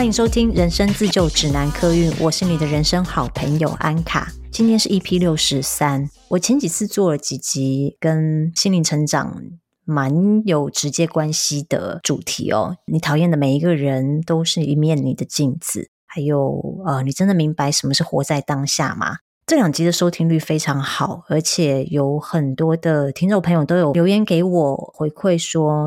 歡迎收聽《人生自救指南》科運，我是你的人生好朋友安卡。今天是 EP 六十三，我前幾次做了幾集跟心靈成長蠻有直接關係的主題哦。你討厭的每一個人都是一面你的鏡子，還有呃，你真的明白什麼是活在當下嗎？這兩集的收聽率非常好，而且有很多的聽眾朋友都有留言給我回饋說，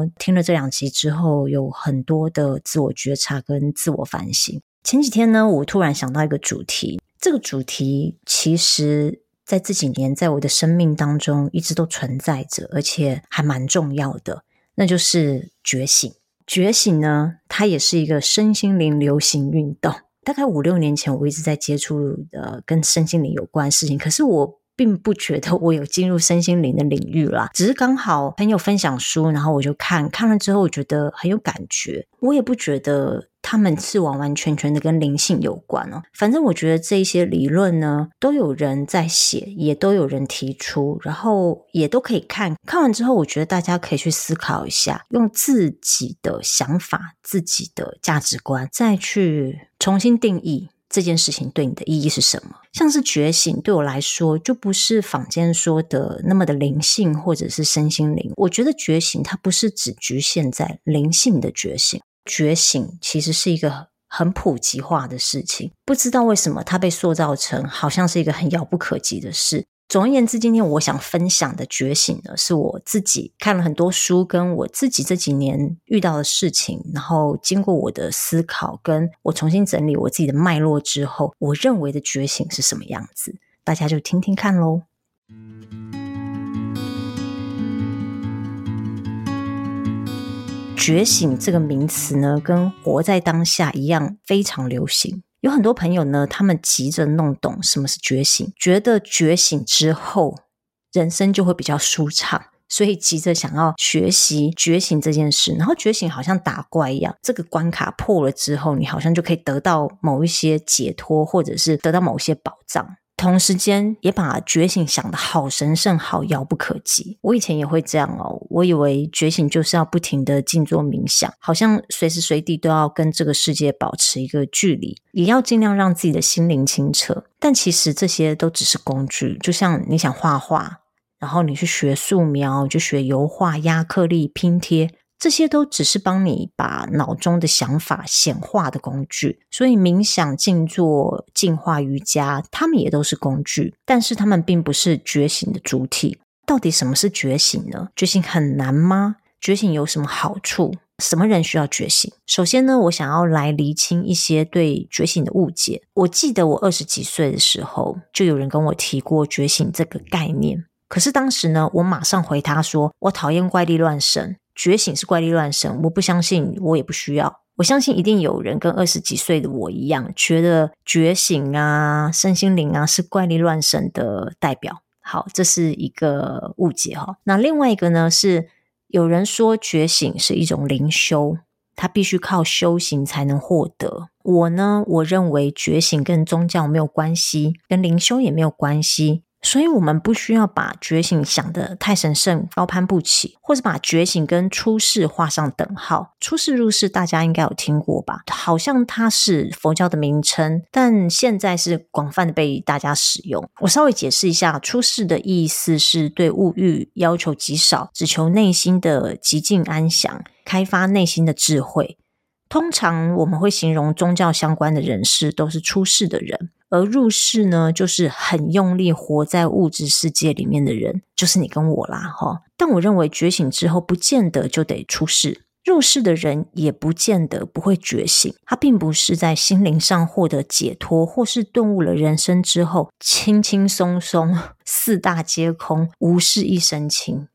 說聽了這兩集之後有很多的自我覺察跟自我反省。前幾天呢，我突然想到一個主題，這個主題其實在這幾年在我的生命當中一直都存在着，而且還蠻重要的，那就是覺醒。覺醒呢，它也是一個身心靈流行運動。大概五六年前，我一直在接觸，呃，跟身心靈有關的事情，可是我，並不覺得我有進入身心靈的領域啦，只是剛好朋友分享書，然後我就看，看完之後，我覺得很有感覺。我也不覺得他們是完完全全的跟靈性有關哦。反正我覺得這些理論呢，都有人在寫，也都有人提出，然後也都可以看。看完之後，我覺得大家可以去思考一下，用自己的想法、自己的價值觀，再去重新定義。這件事情對你的意義是什麼？像是覺醒，對我來說就不是坊間說的那麼的靈性，或者是身心靈。我覺得覺醒它不是只局限在靈性的覺醒，覺醒其實是一個很普及化的事情。不知道為什麼它被塑造成好像是一個很遙不可及的事。總而言之，今天我想分享的覺醒呢，是我自己看了很多書，跟我自己這幾年遇到的事情，然後經過我的思考，跟我重新整理我自己的脈絡之後，我認為的覺醒是什麼樣子，大家就聽聽看嘍。覺醒這個名詞呢，跟活在當下一樣，非常流行。有很多朋友呢，他們急着弄懂什麼是覺醒，覺得覺醒之後人生就會比較舒暢，所以急着想要學習覺醒這件事。然後覺醒好像打怪一樣，這個關卡破了之後，你好像就可以得到某一些解脫，或者是得到某一些寶藏。同時間也把覺醒想得好神聖、好遙不可及。我以前也會這樣哦，我以為覺醒就是要不停地靜坐冥想，好像隨時隨地都要跟這個世界保持一個距離，也要儘量讓自己的心靈清澈。但其實這些都只是工具，就像你想畫畫，然後你去學素描，就學油畫、壓克力、拼貼。這些都只是幫你把腦中的想法顯化的工具，所以冥想、靜坐、淨化瑜伽，他們也都是工具，但是他們並不是覺醒的主體。到底什麼是覺醒呢？覺醒很難嗎？覺醒有什麼好處？什麼人需要覺醒？首先呢，我想要來釐清一些對覺醒的誤解。我記得我二十幾歲的時候，就有人跟我提過覺醒這個概念，可是當時呢，我馬上回他說：“我討厭怪力亂神。”覺醒是怪力亂神，我不相信，我也不需要。我相信一定有人跟二十幾歲的我一樣，覺得覺醒啊、身心靈啊是怪力亂神的代表。好，這是一個誤解哈。那另外一個呢，是有人說覺醒是一種靈修，它必須靠修行才能獲得。我呢，我認為覺醒跟宗教沒有關係，跟靈修也沒有關係。所以，我們不需要把覺醒想得太神聖、高攀不起，或者把覺醒跟出世畫上等號。出世入世，大家應該有聽過吧？好像它是佛教的名稱，但現在是廣泛的被大家使用。我稍微解釋一下，出世的意思是對物欲要求極少，只求內心的極靜安詳，開發內心的智慧。通常我們會形容宗教相關的人士都是出世的人，而入世呢，就是很用力活在物質世界裡面的人，就是你跟我啦，哈。但我認為覺醒之後，不見得就得出世，入世的人也不見得不會覺醒。他並不是在心靈上獲得解脫，或是頓悟了人生之後，輕輕鬆鬆，四大皆空，無事一身輕。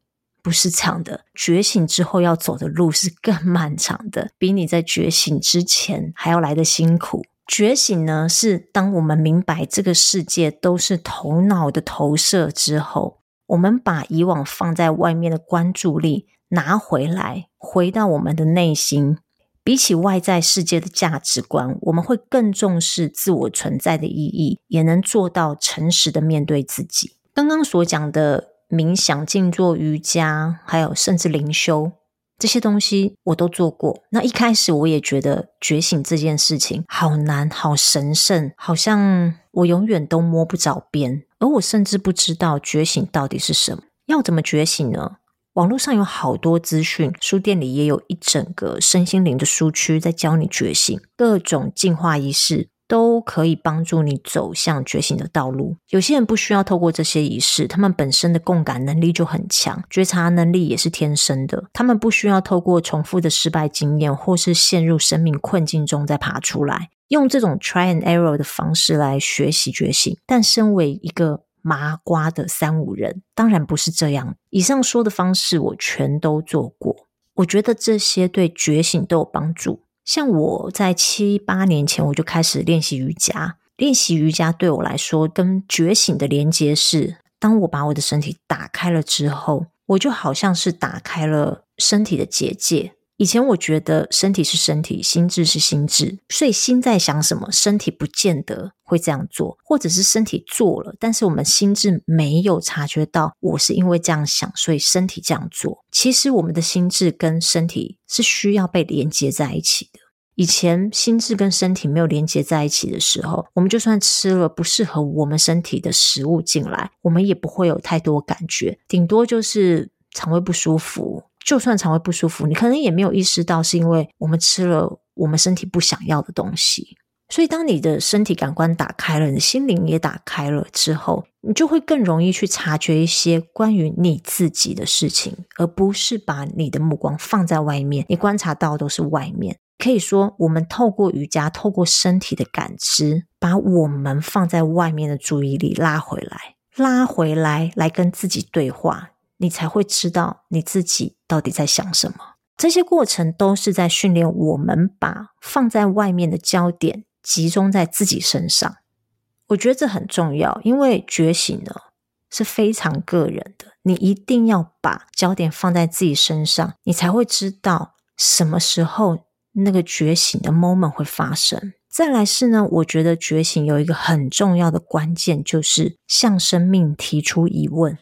不是長的，覺醒之後，要走的路是更漫長的，比你在覺醒之前還要來得辛苦。覺醒呢，是當我們明白這個世界都是頭腦的投射之後，我們把以往放在外面的關注力拿回來，回到我們的內心。比起外在世界的價值觀，我們會更重視自我存在的意義，也能做到誠實的面對自己。剛剛所講的。冥想、靜坐、瑜伽，還有甚至靈修這些東西，我都做過。那一開始我也覺得覺醒這件事情好難、好神聖，好像我永遠都摸不着邊。而我甚至不知道覺醒到底是什麼，要怎麼覺醒呢？網絡上有好多資訊，書店裡也有一整個身心靈的書區在教你覺醒，各種進化儀式。都可以幫助你走向覺醒的道路。有些人不需要透過這些儀式，他們本身的共感能力就很強，覺察能力也是天生的。他們不需要透過重複的失敗經驗，或是陷入生命困境中再爬出來，用這種 Try and Error 的方式來學習覺醒。但身為一個麻瓜的三五人，當然不是這樣。以上說的方式，我全都做過，我覺得這些對覺醒都有幫助。像我在七八年前，我就開始練習瑜伽，練習瑜伽對我來說跟覺醒的連接是，當我把我的身體打開了之後，我就好像是打開了身體的結界。以前我覺得身體是身體，心智是心智，所以心在想什麼，身體不見得會這樣做，或者是身體做了，但是我們心智沒有察覺到，我是因為這樣想，所以身體這樣做。其實我們的心智跟身體是需要被連接在一起的。以前心智跟身體沒有連接在一起的時候，我們就算吃了不適合我們身體的食物進來，我們也不會有太多感覺，頂多就是腸胃不舒服。就算腸胃不舒服，你可能也沒有意識到是因為我們吃了我們身體不想要的東西。所以，當你的身體感官打開了，你的心靈也打開了之後，你就會更容易去察覺一些關於你自己的事情，而不是把你的目光放在外面。你觀察到的都是外面，可以說，我們透過瑜伽，透過身體的感知，把我們放在外面的注意力拉回來，拉回來來跟自己對話。你才會知道你自己到底在想什麼。這些過程都是在訓練我們把放在外面的焦點集中在自己身上。我覺得這很重要，因為覺醒呢是非常個人的。你一定要把焦點放在自己身上，你才會知道什麼時候那個覺醒的 moment 會發生。再來是呢，我覺得覺醒有一個很重要的關鍵，就是向生命提出疑問。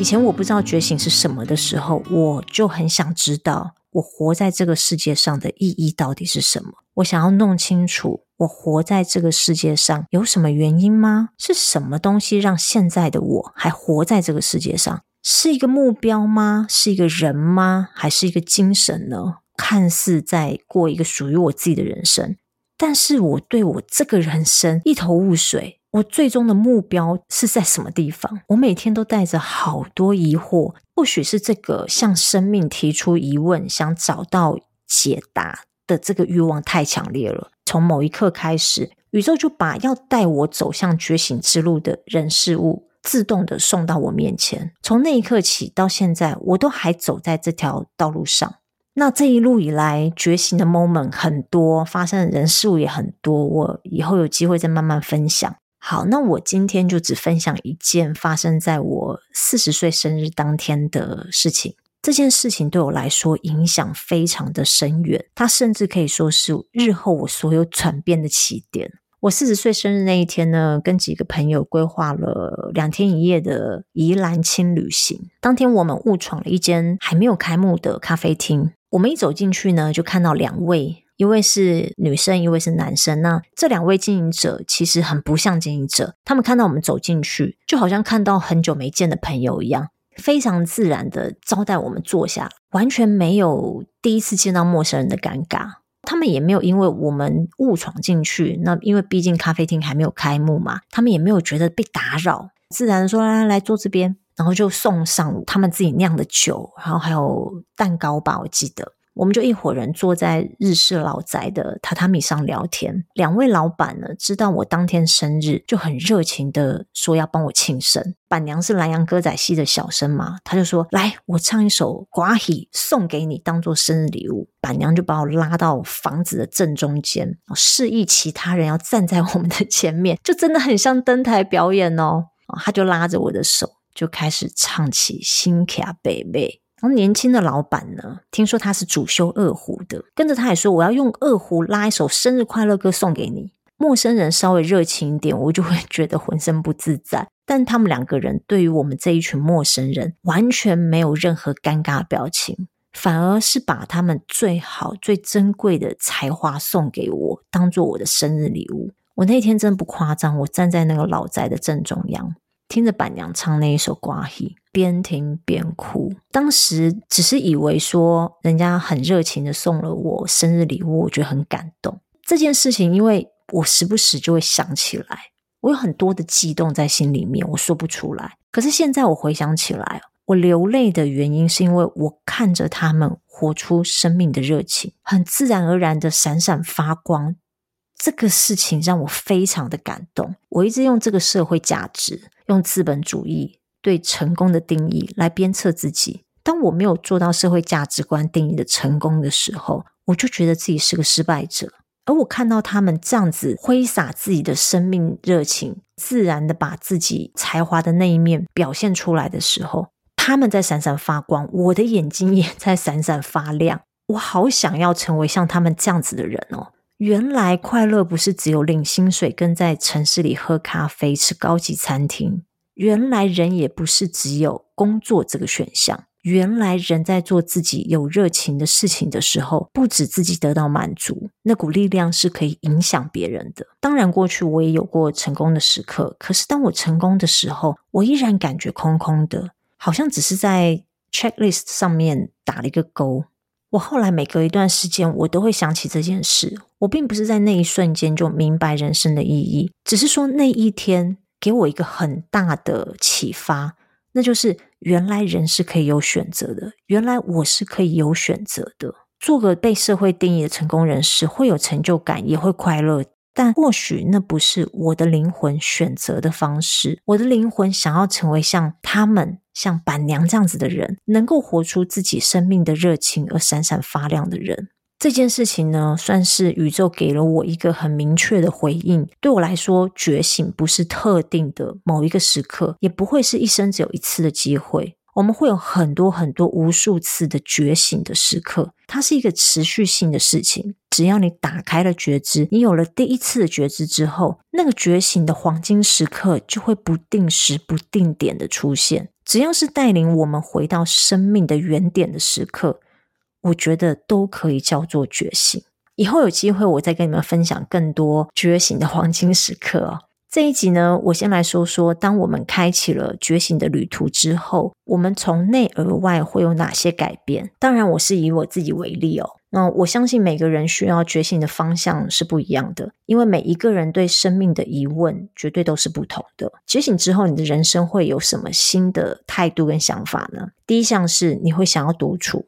以前我不知道覺醒是什麼的時候，我就很想知道我活在這個世界上的意義到底是什麼。我想要弄清楚我活在這個世界上有什麼原因嗎？是什麼東西讓現在的我還活在這個世界上？是一個目標嗎？是一個人嗎？還是一個精神呢？看似在過一個屬於我自己的人生。但是我對我這個人生一頭霧水，我最終的目標是在什麼地方？我每天都帶着好多疑惑，或許是這個向生命提出疑問，想找到解答的這個慾望太強烈了。從某一刻開始，宇宙就把要帶我走向覺醒之路的人事物，自動的送到我面前。從那一刻起到現在，我都還走在這條道路上。那這一路以來覺醒的 moment 很多，發生的人事物也很多。我以後有機會再慢慢分享。好，那我今天就只分享一件發生在我四十歲生日當天的事情。這件事情對我來說影響非常的深遠，它甚至可以說是日後我所有轉變的起點。我四十歲生日那一天呢，跟幾個朋友規劃了兩天一夜的宜蘭輕旅行。當天我們誤闖了一間還沒有開幕的咖啡廳。我們一走進去呢，就看到兩位，一位是女生，一位是男生。那這兩位經營者其實很不像經營者，他們看到我們走進去，就好像看到很久沒見的朋友一樣，非常自然的招待我們坐下，完全沒有第一次見到陌生人的尷尬。他們也沒有因為我們誤闖進去，那因為畢竟咖啡廳還沒有開幕嘛，他們也沒有覺得被打擾，自然地說來來坐這邊。然後就送上他們自己釀的酒，然後還有蛋糕吧，我記得。我們就一夥人坐在日式老宅的榻榻米上聊天。兩位老闆呢，知道我當天生日，就很熱情的說要幫我慶生。板娘是蘭陽歌仔戲的小生嘛，她就說：“來，我唱一首《寡喜》送給你，當做生日禮物。”板娘就把我拉到房子的正中間，示意其他人要站在我們的前面，就真的很像登台表演哦。她就拉着我的手。就開始唱起《新卡貝貝》，然後年輕的老闆呢，聽說他是主修二胡的，跟着他也說：“我要用二胡拉一首生日快樂歌送給你。”陌生人稍微熱情一點，我就會覺得渾身不自在。但他們兩個人對於我們這一群陌生人，完全沒有任何尷尬的表情，反而是把他們最好、最珍貴的才華送給我，當做我的生日禮物。我那天真不誇張，我站在那個老宅的正中央。聽着板娘唱那一首《瓜西》，邊聽邊哭。當時只是以為說人家很熱情的送了我生日禮物，我覺得很感動。這件事情，因為我時不時就會想起來，我有很多的激動在心裡面，我說不出來。可是現在我回想起來，我流淚的原因是因為我看着他們活出生命的熱情，很自然而然的閃閃發光。這個事情讓我非常的感動。我一直用這個社會價值。用資本主義對成功的定義來鞭策自己。當我沒有做到社會價值觀定義的成功的時候，我就覺得自己是個失敗者。而我看到他們這樣子揮灑自己的生命熱情，自然的把自己才華的那一面表現出來的時候，他們在閃閃發光，我的眼睛也在閃閃發亮。我好想要成為像他們這樣子的人哦。原來快樂不是只有領薪水跟在城市裡喝咖啡吃高級餐廳。原來人也不是只有工作這個選項。原來人在做自己有熱情的事情的時候，不止自己得到滿足，那股力量是可以影響別人的。當然，過去我也有過成功的時刻，可是當我成功的時候，我依然感覺空空的，好像只是在 checklist 上面打了一個勾。我後來每隔一段時間，我都會想起這件事。我並不是在那一瞬間就明白人生的意義，只是說那一天給我一個很大的啟發，那就是原來人是可以有選擇的，原來我是可以有選擇的。做個被社會定義的成功人士，會有成就感，也會快樂，但或許那不是我的靈魂選擇的方式。我的靈魂想要成為像他們。像板娘這樣子的人，能夠活出自己生命的熱情而閃閃發亮的人，這件事情呢，算是宇宙給了我一個很明確的回應。對我來說，覺醒不是特定的某一個時刻，也不會是一生只有一次的機會。我們會有很多很多無數次的覺醒的時刻，它是一個持續性的事情。只要你打開了覺知，你有了第一次的覺知之後，那個覺醒的黃金時刻就會不定時、不定點的出現。只要是帶領我們回到生命的原點的時刻，我覺得都可以叫做覺醒。以後有機會，我再跟你們分享更多覺醒的黃金時刻哦。這一集呢，我先來說說，當我們開啟了覺醒的旅途之後，我們從內而外會有哪些改變？當然，我是以我自己為例哦。那我相信每個人需要覺醒的方向是不一樣的，因為每一個人對生命的疑問絕對都是不同的。覺醒之後，你的人生會有什麼新的態度跟想法呢？第一項是你會想要獨處。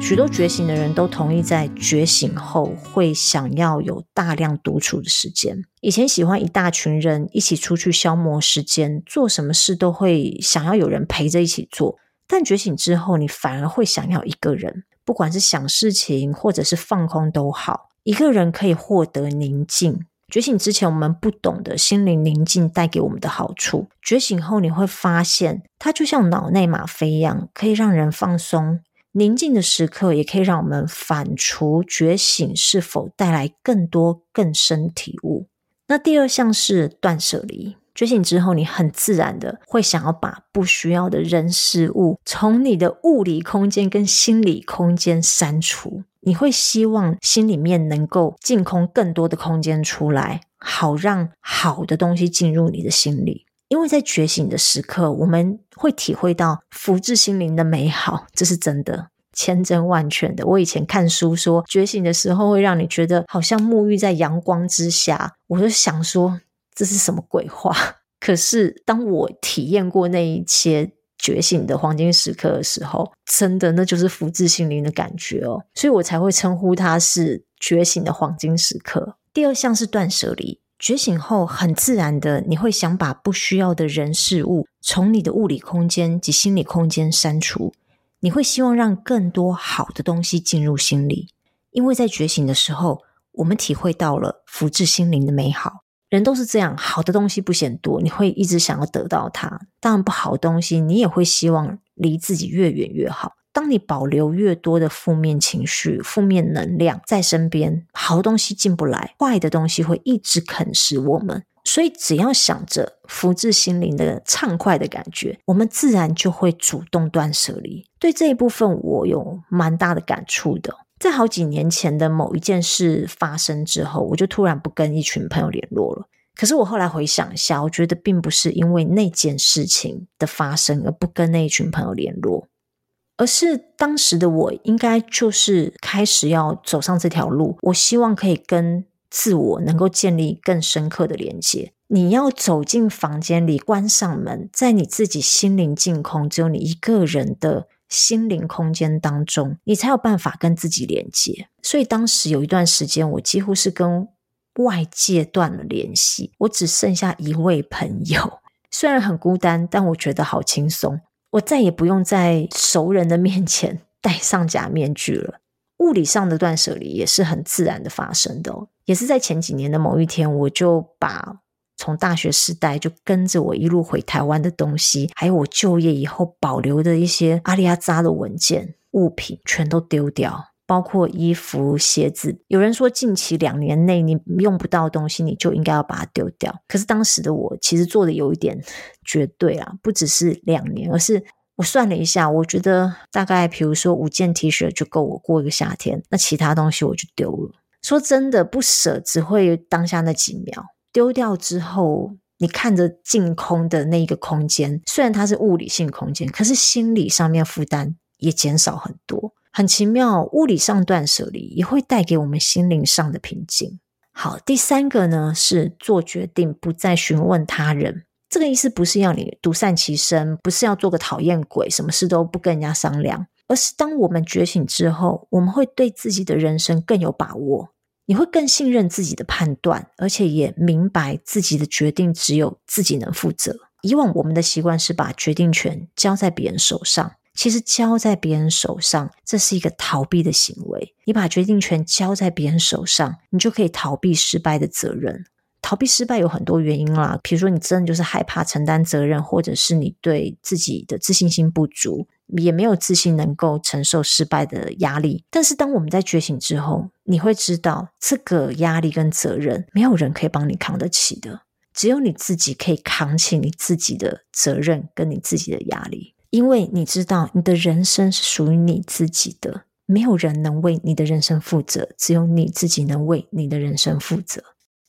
許多覺醒的人都同意，在覺醒後會想要有大量獨處的時間。以前喜歡一大群人一起出去消磨時間，做什麼事都會想要有人陪着一起做。但覺醒之後，你反而會想要一個人，不管是想事情，或者是放空都好，一個人可以獲得寧靜。覺醒之前，我們不懂得心靈寧靜帶給我們的好處。覺醒後，你會發現它就像腦內嗎啡一樣，可以讓人放鬆。寧靜的時刻，也可以讓我們反芻覺醒是否帶來更多更深體悟。那第二項是斷捨離。覺醒之後，你很自然的會想要把不需要的人事物從你的物理空間跟心理空間刪除。你會希望心裡面能夠淨空更多的空間出來，好讓好的東西進入你的心裡。因為在覺醒的時刻，我們會體會到福至心靈的美好，這是真的，千真萬確的。我以前看書說，覺醒的時候會讓你覺得好像沐浴在陽光之下，我就想說。這是什麼鬼話？可是當我體驗過那一切覺醒的黃金時刻的時候，真的那就是福至心靈的感覺哦，所以我才會稱呼它是覺醒的黃金時刻。第二項是斷捨離，覺醒後很自然的，你會想把不需要的人事物從你的物理空間及心理空間刪除，你會希望讓更多好的東西進入心裡，因為在覺醒的時候，我們體會到了福至心靈的美好。人都是這樣，好的東西不嫌多，你會一直想要得到它。當然，不好的東西你也會希望離自己越遠越好。當你保留越多的負面情緒、負面能量在身邊，好的東西進不來，壞的東西會一直啃食我們。所以，只要想着福至心靈的暢快的感覺，我們自然就會主動斷舍離。對這一部分，我有蠻大的感觸的。在好幾年前的某一件事發生之後，我就突然不跟一群朋友聯絡了。可是我後來回想一下，我覺得並不是因為那件事情的發生而不跟那一群朋友聯絡，而是當時的我應該就是開始要走上這條路。我希望可以跟自我能夠建立更深刻的連接。你要走進房間裡，關上門，在你自己心靈淨空，只有你一個人的。心靈空間當中，你才有辦法跟自己連接。所以當時有一段時間，我幾乎是跟外界斷了聯繫，我只剩下一位朋友，雖然很孤單，但我覺得好輕鬆。我再也不用在熟人的面前戴上假面具了。物理上的斷捨離也是很自然的發生的哦，也是在前幾年的某一天，我就把。從大學時代就跟着我一路回台灣的東西，還有我就業以後保留的一些阿里阿扎的文件物品，全都丟掉，包括衣服、鞋子。有人說，近期兩年內你用不到的東西，你就應該要把它丟掉。可是當時的我，其實做的有一點絕對啊，不只是兩年，而是我算了一下，我覺得大概比如說五件 T 恤就夠我過一個夏天，那其他東西我就丟了。說真的，不捨只會當下那幾秒。丟掉之後，你看着淨空的那一個空間，雖然它是物理性空間，可是心理上面負擔也減少很多，很奇妙。物理上斷舍離也會帶給我們心靈上的平靜。好，第三個呢，是做決定，不再詢問他人。這個意思不是要你獨善其身，不是要做個討厭鬼，什麼事都不跟人家商量，而是當我們覺醒之後，我們會對自己的人生更有把握。你會更信任自己的判斷，而且也明白自己的決定只有自己能負責。以往我們的習慣是把決定權交在別人手上，其實交在別人手上，這是一個逃避的行為。你把決定權交在別人手上，你就可以逃避失敗的責任。逃避失敗有很多原因啦，比如說你真的就是害怕承擔責任，或者是你對自己的自信心不足。也沒有自信能夠承受失敗的壓力。但是，當我們在覺醒之後，你會知道這個壓力跟責任，沒有人可以幫你扛得起的，只有你自己可以扛起你自己的責任跟你自己的壓力。因為你知道，你的人生是屬於你自己的，沒有人能為你的人生負責，只有你自己能為你的人生負責。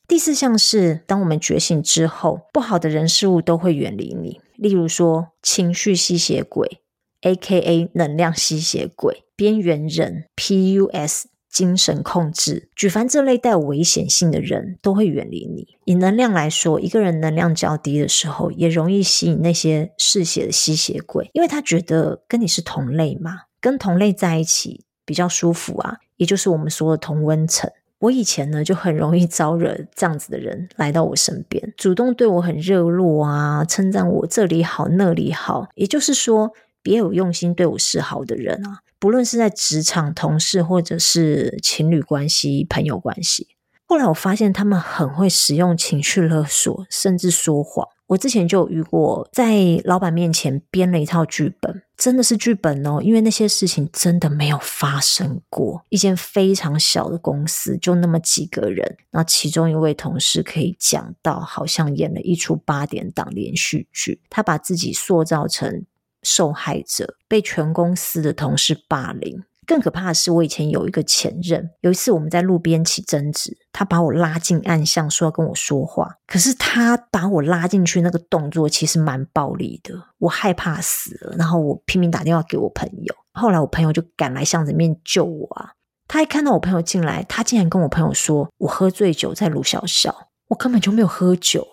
第四項是，當我們覺醒之後，不好的人事物都會遠離你。例如說，情緒吸血鬼。A.K.A. 能量吸血鬼、邊緣人、P.U.S. 精神控制，舉凡這類帶有危險性的人都會遠離你。以能量來說，一個人能量較低的時候，也容易吸引那些嗜血的吸血鬼，因為他覺得跟你是同類嘛，跟同類在一起比較舒服啊。也就是我們說的同溫層。我以前呢，就很容易招惹這樣子的人來到我身邊，主動對我很熱絡啊，稱讚我這裡好那裡好，也就是說，別有用心對我示好的人啊，不論是在職場、同事，或者是情侶關係、朋友關係。後來我發現他們很會使用情緒勒索，甚至說謊。我之前就有遇過，在老板面前編了一套劇本，真的是劇本哦，因為那些事情真的沒有發生過。一間非常小的公司，就那麼幾個人，那其中一位同事可以講到，好像演了一出八點檔連續劇，他把自己塑造成。受害者被全公司的同事霸凌，更可怕的是，我以前有一個前任，有一次我們在路邊起爭執，他把我拉進暗巷，說要跟我說話，可是他把我拉進去那個動作其實蠻暴力的，我害怕死了，然後我拼命打電話給我朋友，後來我朋友就趕來巷子裡面救我啊，他一看到我朋友進來，他竟然跟我朋友說，我喝醉酒在魯曉曉，我根本就沒有喝酒。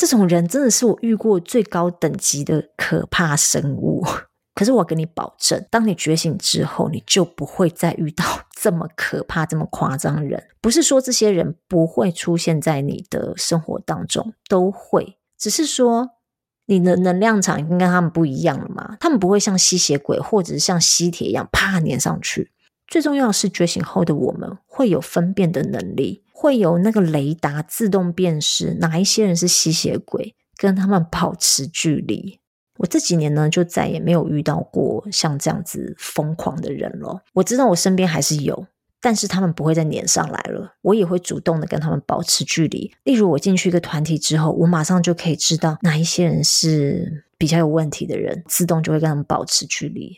這種人真的是我遇過最高等級的可怕生物。可是我跟你保證，當你覺醒之後，你就不會再遇到這麼可怕、這麼誇張的人。不是說這些人不會出現在你的生活當中，都會，只是說你的能量場已經跟他們不一樣了嘛。他們不會像吸血鬼，或者是像吸鐵一樣啪粘上去。最重要的是，覺醒後的我們會有分辨的能力。會有那個雷達自動辨識哪一些人是吸血鬼，跟他們保持距離。我這幾年呢，就再也沒有遇到過像這樣子瘋狂的人了。我知道我身邊還是有，但是他們不會再粘上來了。我也會主動的跟他們保持距離。例如，我進去一個團體之後，我馬上就可以知道哪一些人是比較有問題的人，自動就會跟他們保持距離。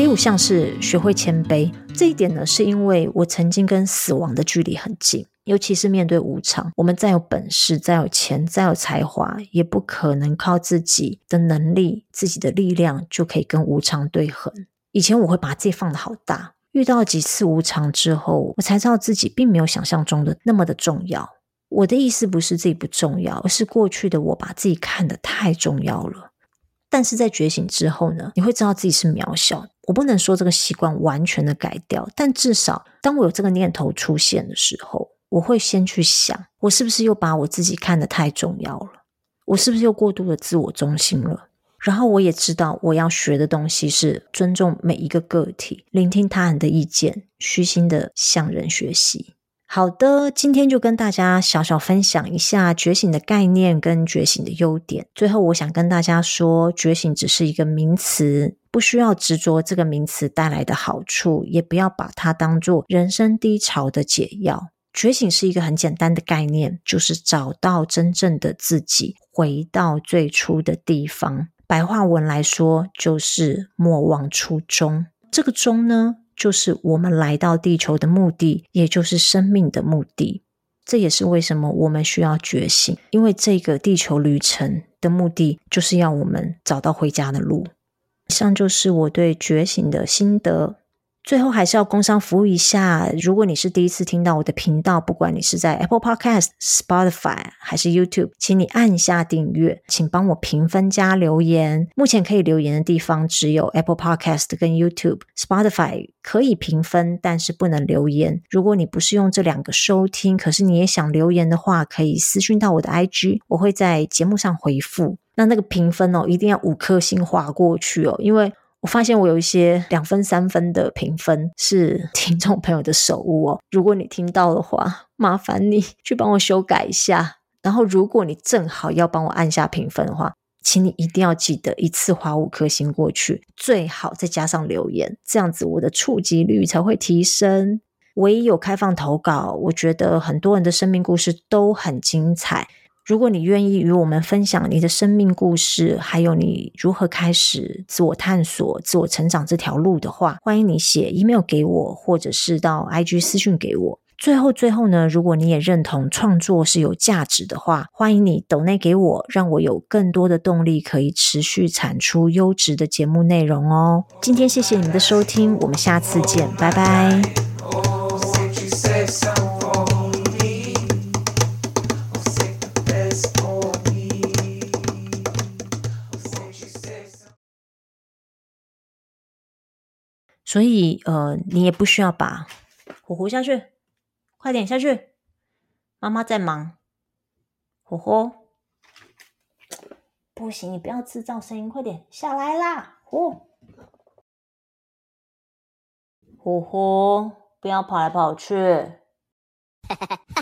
第五項是學會謙卑，這一點呢，是因為我曾經跟死亡的距離很近，尤其是面對無常。我們再有本事、再有錢、再有才華，也不可能靠自己的能力、自己的力量就可以跟無常對衡。以前我會把自己放得好大，遇到幾次無常之後，我才知道自己並沒有想象中的那麼的重要。我的意思不是自己不重要，而是過去的我把自己看得太重要了。但是在覺醒之後呢，你會知道自己是渺小。我不能說這個習慣完全的改掉，但至少當我有這個念頭出現的時候，我會先去想，我是不是又把我自己看得太重要了？我是不是又過度的自我中心了？然後我也知道我要學的東西是尊重每一個個體，聆聽他人的意見，虛心的向人學習。好的，今天就跟大家小小分享一下覺醒的概念跟覺醒的優點。最後，我想跟大家說，覺醒只是一個名詞，不需要執着這個名詞帶來的好處，也不要把它當做人生低潮的解藥。覺醒是一個很簡單的概念，就是找到真正的自己，回到最初的地方。白話文來說，就是莫忘初衷。這個衷呢？就是我們來到地球的目的，也就是生命的目的。這也是為什麼我們需要覺醒，因為這個地球旅程的目的，就是要我們找到回家的路。以上就是我對覺醒的心得。最後還是要工商服務一下。如果你是第一次聽到我的頻道，不管你是在 Apple Podcast、Spotify 還是 YouTube，請你按下訂閱，請幫我評分加留言。目前可以留言的地方只有 Apple Podcast 跟 YouTube，Spotify 可以評分，但是不能留言。如果你不是用這兩個收聽，可是你也想留言的話，可以私訊到我的 IG，我會在節目上回復。那那個評分哦，一定要五顆星劃過去哦，因為。我發現我有一些兩分、三分的評分是聽眾朋友的手誤哦。如果你聽到的話，麻煩你去幫我修改一下。然後，如果你正好要幫我按下評分的話，請你一定要記得一次滑五顆星過去，最好再加上留言，這樣子我的觸及率才會提升。唯一有開放投稿，我覺得很多人的生命故事都很精彩。如果你願意與我們分享你的生命故事，還有你如何開始自我探索、自我成長這條路的話，歡迎你寫 email 給我，或者是到 IG 私訊給我。最後最後呢，如果你也認同創作是有價值的話，歡迎你斗內給我，讓我有更多的動力，可以持續產出優質的節目內容哦。Oh、今天謝謝你們的收聽，我們下次見，oh、拜拜。Oh my oh my oh, 所以，呃，你也不需要把虎虎下去，快點下去，媽媽在忙，呼呼，不行，你不要製造聲音，快點下來啦，虎虎虎，不要跑來跑去。